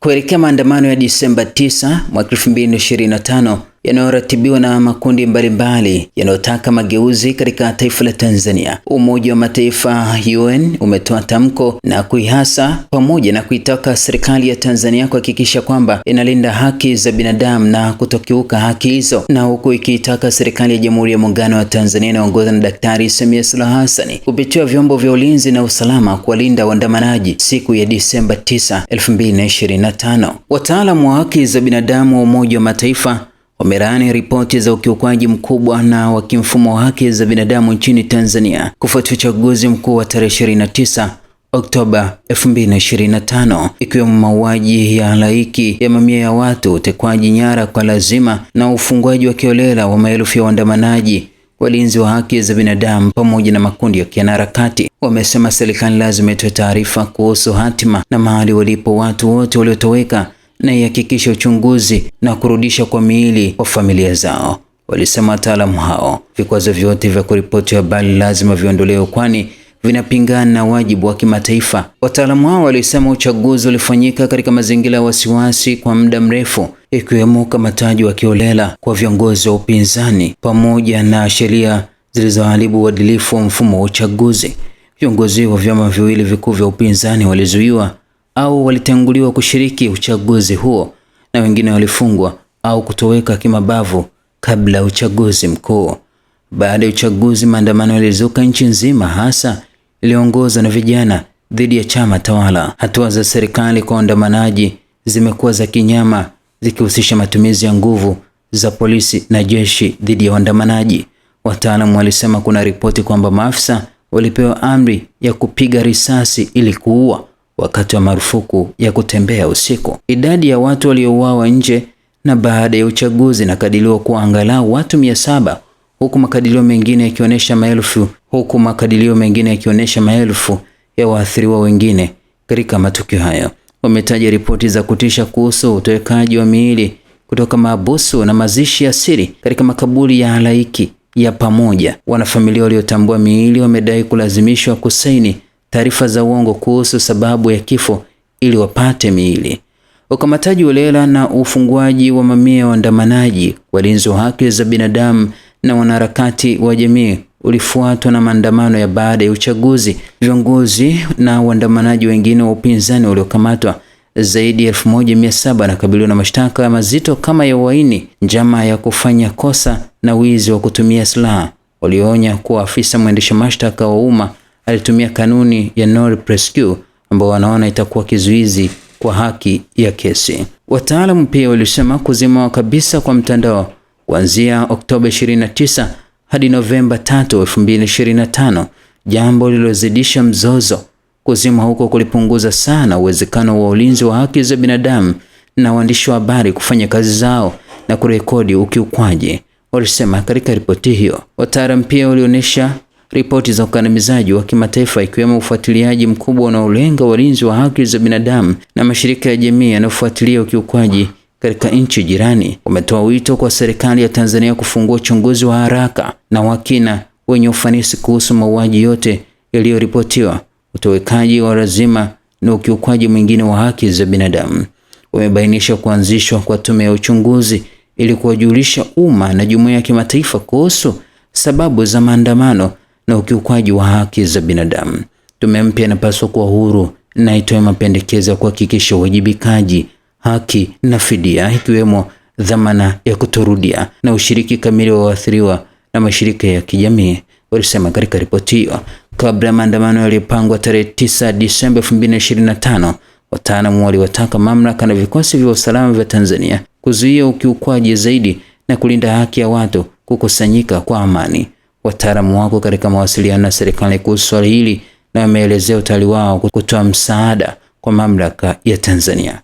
kuelekea maandamano ya Disemba 9 mwaka 2025 yanayoratibiwa na makundi mbalimbali yanayotaka mageuzi katika taifa la Tanzania. Umoja wa Mataifa UN umetoa tamko na kuihasa pamoja na kuitaka serikali ya Tanzania kuhakikisha kwamba inalinda haki za binadamu na kutokiuka haki hizo, na huku ikiitaka serikali ya Jamhuri ya Muungano wa Tanzania inayoongozwa na Daktari Samia Suluhu Hassan kupitia vyombo vya ulinzi na usalama kuwalinda waandamanaji siku ya Disemba 9, 2025. Wataalamu wa haki za binadamu wa Umoja wa Mataifa wamelaani ripoti za ukiukwaji mkubwa na wa kimfumo wa haki za binadamu nchini Tanzania kufuatia uchaguzi mkuu wa tarehe 29 Oktoba 2025 ikiwemo mauaji ya halaiki ya mamia ya watu, utekwaji nyara kwa lazima na ufungwaji wa kiolela wa maelfu ya waandamanaji, walinzi wa haki za binadamu pamoja na makundi ya kianaharakati. Wamesema serikali lazima itoe taarifa kuhusu hatima na mahali walipo watu wote waliotoweka na ihakikishe uchunguzi na kurudisha kwa miili kwa familia zao, walisema wataalamu hao. Vikwazo vyote vya kuripoti habari lazima viondolewe, kwani vinapingana na wajibu wa kimataifa. Wataalamu hao walisema uchaguzi ulifanyika katika mazingira ya wasiwasi kwa muda mrefu, ikiwemo ukamataji wa kiolela kwa viongozi wa upinzani pamoja na sheria zilizoharibu uadilifu wa mfumo wa uchaguzi. Viongozi wa vyama viwili vikuu vya upinzani walizuiwa au walitanguliwa kushiriki uchaguzi huo na wengine walifungwa au kutoweka kimabavu kabla ya uchaguzi mkuu. Baada ya uchaguzi, maandamano yalizuka nchi nzima, hasa iliongozwa na vijana dhidi ya chama tawala. Hatua za serikali kwa waandamanaji zimekuwa za kinyama, zikihusisha matumizi ya nguvu za polisi na jeshi dhidi ya waandamanaji. Wataalamu walisema kuna ripoti kwamba maafisa walipewa amri ya kupiga risasi ili kuua wakati wa marufuku ya kutembea usiku. Idadi ya watu waliouawa nje na baada ya uchaguzi inakadiriwa kuwa angalau watu mia saba huku makadirio mengine yakionyesha maelfu huku makadirio mengine yakionyesha maelfu ya waathiriwa wengine katika matukio hayo. Wametaja ripoti za kutisha kuhusu utowekaji wa miili kutoka maabusu na mazishi ya siri katika makaburi ya halaiki ya pamoja. Wanafamilia waliotambua miili wamedai kulazimishwa kusaini taarifa za uongo kuhusu sababu ya kifo ili wapate miili. Ukamataji holela na ufunguaji wa mamia ya waandamanaji, walinzi wa haki za binadamu na wanaharakati wa jamii ulifuatwa na maandamano ya baada ya uchaguzi. Viongozi na waandamanaji wengine wa upinzani waliokamatwa zaidi ya 1700 nakabiliwa na mashtaka ya mazito kama ya uhaini, njama ya kufanya kosa na wizi wa kutumia silaha. Walionya kuwa afisa mwendesha mashtaka wa umma alitumia kanuni ya no prescue ambao wanaona itakuwa kizuizi kwa haki ya kesi. Wataalamu pia walisema kuzima kabisa kwa mtandao kuanzia Oktoba 29 hadi Novemba 3, 2025, jambo lilozidisha mzozo. Kuzima huko kulipunguza sana uwezekano wa ulinzi wa haki za binadamu na waandishi wa habari kufanya kazi zao na kurekodi ukiukwaji, walisema katika ripoti hiyo. Wataalamu pia walionyesha ripoti za ukandamizaji wa kimataifa ikiwemo ufuatiliaji mkubwa unaolenga walinzi wa haki za binadamu na mashirika ya jamii yanayofuatilia ukiukwaji katika nchi jirani. Wametoa wito kwa serikali ya Tanzania kufungua uchunguzi wa haraka na wa kina wenye ufanisi kuhusu mauaji yote yaliyoripotiwa, utowekaji wa lazima na ukiukwaji mwingine wa haki za binadamu. Wamebainisha kuanzishwa kwa tume ya uchunguzi ili kuwajulisha umma na jumuiya ya kimataifa kuhusu sababu za maandamano na ukiukwaji wa haki za binadamu. Tume mpya inapaswa kuwa huru na itoe mapendekezo ya kuhakikisha uwajibikaji, haki na fidia, ikiwemo dhamana ya kutorudia na ushiriki kamili wa waathiriwa na mashirika ya kijamii, walisema katika ripoti hiyo. Kabla ya maandamano yaliyopangwa tarehe 9 Disemba 2025, wataalamu waliwataka mamlaka na vikosi vya usalama vya Tanzania kuzuia ukiukwaji zaidi na kulinda haki ya watu kukusanyika kwa amani. Wataalamu wako katika mawasiliano na serikali kuhusu swala hili na wameelezea utayari wao kutoa msaada kwa mamlaka ya Tanzania.